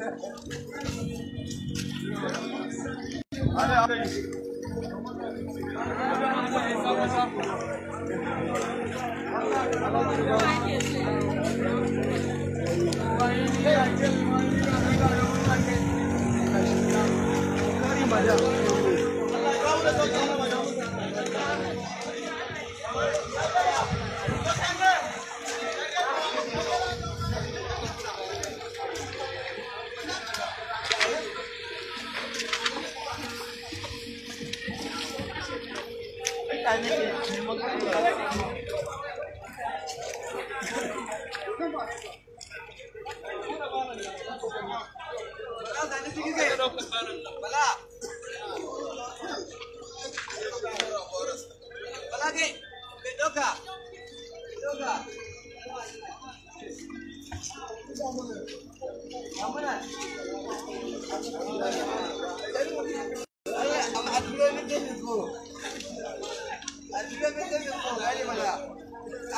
अरे अरे मजा Vamos o á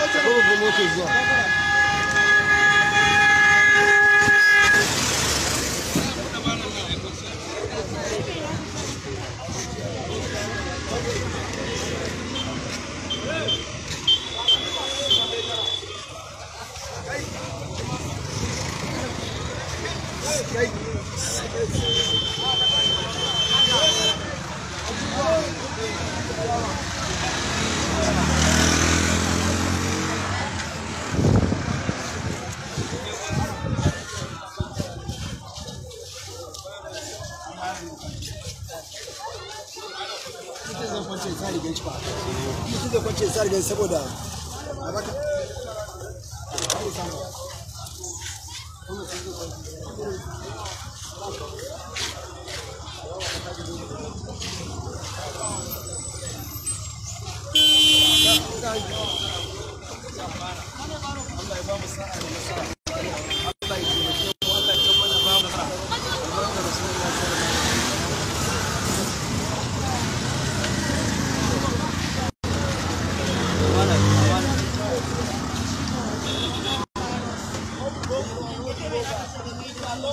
Vamos pro Monte João. Thank you. Ita zan kwance sa rigan ci ba. Ita zan kwance sa rigan saboda a baka. Allah ya ba mu sa'a da nasara.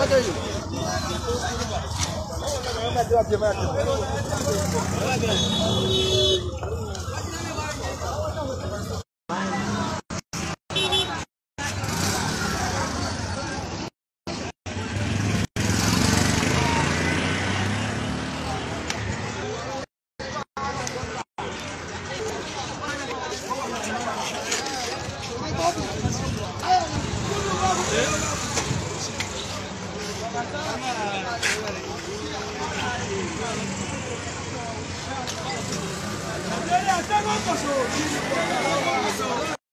adianta aí. Vamos, deu a primeira. Nigeria, take one for